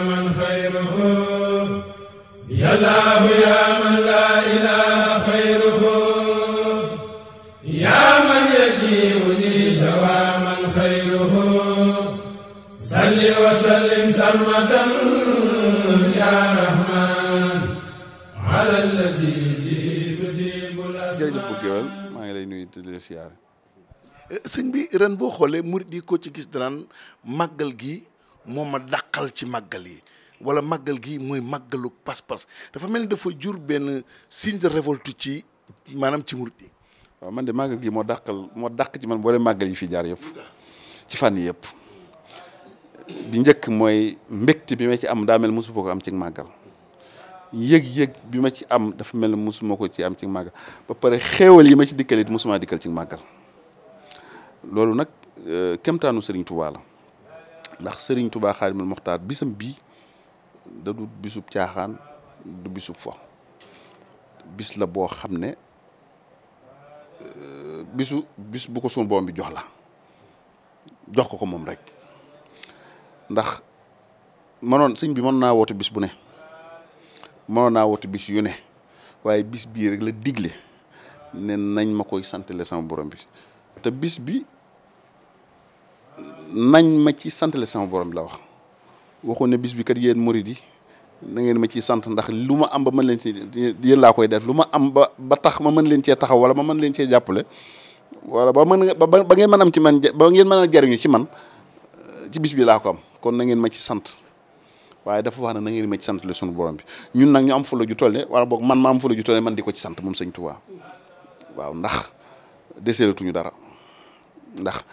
من خيره يا الله يا من لا إله خيره يا من يجيبني دواما خيره سل وسلم سرمدا يا رحمن على الذي يجيب الأسماء maa ngi lay nuyu di la siyaare sëñ bi ren boo xoolee murid yi ko ci gis danaan màggal gi moo ma dàqal ci màggal yi wala màggal gi mooy màggalu pas-pas dafa mel ni dafa jur benn signe de révolte ci maanaam ci murit yi waaw man de màggal gi moo dàqal moo dàq ci man boole màggal yi fi jaar yëpp ci fànn yëpp bi njëkk mooy mbégte bi ma ci am daa mel mosu am ci màggal yëg-yëg bi ma ci am dafa mel ni mosuma ko ci am ci màggal ba pare xéewal yi ma ci dikkal it mosuma dikkal ci màggal loolu nag euh, kemtaanu Serigne Touba la ndax sëriñ Touba Xaadimul Muxtaar bisam bii da du bisub caaxaan du bisub fo bis la boo xam ne euh, bisu bis bu ko sunu borom bi jox la jox ko ko moom rek ndax mënoon sëñ bi mën naa woote bis bu ne mënoon naa woote bis yu ne waaye bis bii rek la digle ne nañ ma koy santale sama borom bi te bis bi nañ ma ci santale sama borom la wax waxoon ne bis bi kat yéen murid yi na ngeen ma ciy sant ndax lu ma am ba mën leen ci yéen laa koy def lu ma am ba ba tax ma mën leen cee taxaw wala ma mën leen cee jàppale wala ba mën ba ba ngeen mën am ci man ba ngeen mën a jariñu ci man eh, ci bi laa ko am kon na ngeen ma ci sant waaye dafa wax ne na ngeen ma ci sant le sunu borom bi ñun nag ñu am fula ju toll ne wala boog man ma am fula ju toll man di ko ci sant moom sëñ Tuubaa waaw ndax deseelatuñu dara ndax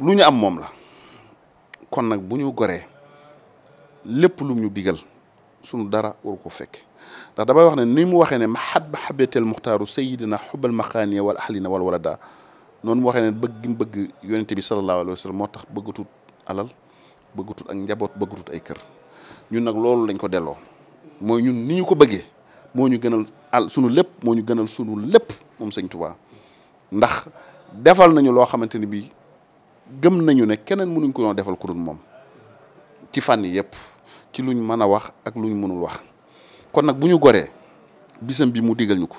lu ñu am moom la kon nag bu ñu goree lépp lu ñu digal sunu dara waru ko fekk ndax damay wax ne ni mu waxee ne maxat ba xabetel muxtaaru sayidina xubal maxaaniya wal ahlina wal walada noonu mu waxee ne bëgg gi mu bëgg yonente bi sallallahu alayhi wa sallam moo tax bëggatut alal bëggatut ak njaboot bëggatut ay kër ñun nag loolu lañ ko delloo mooy ñun ni ñu ko bëggee moo ñu gënal al sunu lépp moo ñu gënal sunu lépp moom sëñ Tuubaa ndax defal nañu loo xamante ni bii gëm nañu ne keneen mënuñ ko doon defal ku dul moom ci fànn yëpp ci luñ mën a wax ak luñ mënul wax kon nag bu ñu goree bisam bi mu digal ñu ko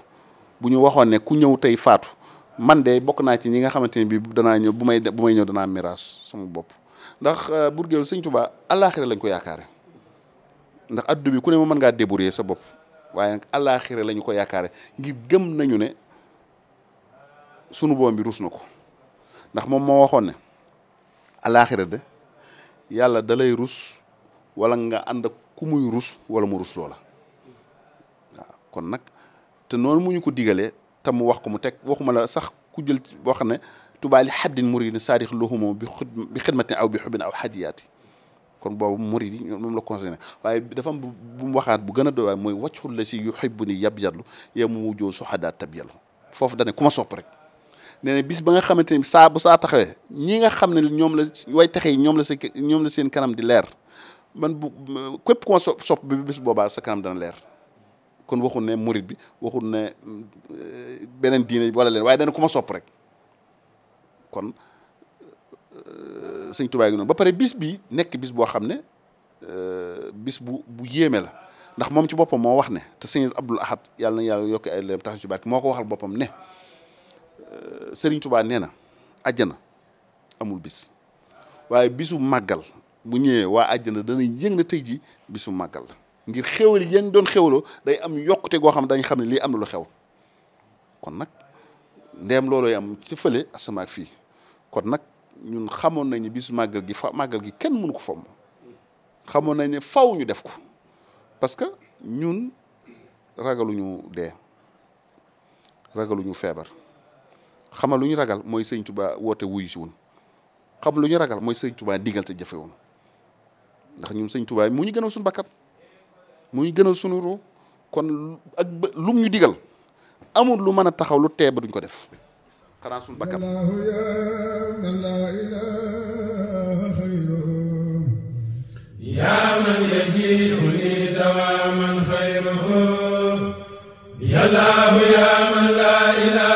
bu ñu waxoon ne ku ñëw tey faatu man de bokk naa ci ñi nga xamante ni bii danaa ñëw bu may bu may ñëw danaa miraas sama bopp ndax euh, burgéelu sëñ Tuubaa àllaaxira lañ ko yaakaare ndax addu bi ku ne ma mën ngaa débrouiller sa bopp waaye nag àllaaxira lañu ko yaakaare ngir gëm nañu ne sunu boom bi ruus ndax mom mo waxone al alaaxira de yàlla dalay rus wala nga ànd ak ku muy rus wala mu rus lola kon nak te non muñu ko digale tam wax ko mu tek waxuma la sax ku jël wax ne tubaali xaddin muridin saadix lohumo bi bi xidmatin aw bi xubin aw xadiyaati kon bobu murid mom la concerner waye dafa am bu waxat bu gëna a doy waaye mooy la si yu xibbu ni suhada yallu fofu dane kuma sopp rek nee bis ba nga xamante ni saa bu saa taxawee ñi nga xam ne ñoom la way taxe yi ñoom la seen ñoom la seen kanam di leer man bu képp koo so sopp bi bis boobaa sa kanam dana leer kon waxul ne murit bi waxul ne beneen diine wala leen waaye dana ku ma sopp rek kon sëñ Tuubaa gi noonu ba pare bis bi nekk bis boo xam ne bis bu bu yéeme la ndax moom ci boppam moo wax ne te sëñ Abdul Ahad yàlla na yàlla yokk ay leeram tax ci barke moo ko waxal boppam ne Euh, Serigne Touba nee na àjjana amul bis waaye bisu màggal bu ñëwee waa àjjana danañ yëg na tey ji bisu màggal la ngir xéwal yéen doon xéwaloo day am yokkute goo xam dañ xam ne lii am na lu xew kon nag ndeem loolooy am ci fële asamaak fii kon nag ñun xamoon nañu bisu màggal gi fa màggal gi kenn mënu ko fomm xamoon nañ ne faw ñu def ko parce que ñun ragaluñu dee ragaluñu feebar xamal lu ñu ragal mooy sëñ tubaa woote wuyu si lu ñu ragal mooy sëñ tubaa digal te jëfe woon ndax ñun sëñ tubaa mu ñu gënal suñu mu ñu gënal suñu roo kon ak lum ñu digal amul lu mën a taxaw lu tee ba duñ ko def xanaa suñu bakkat yaa man yajiibu li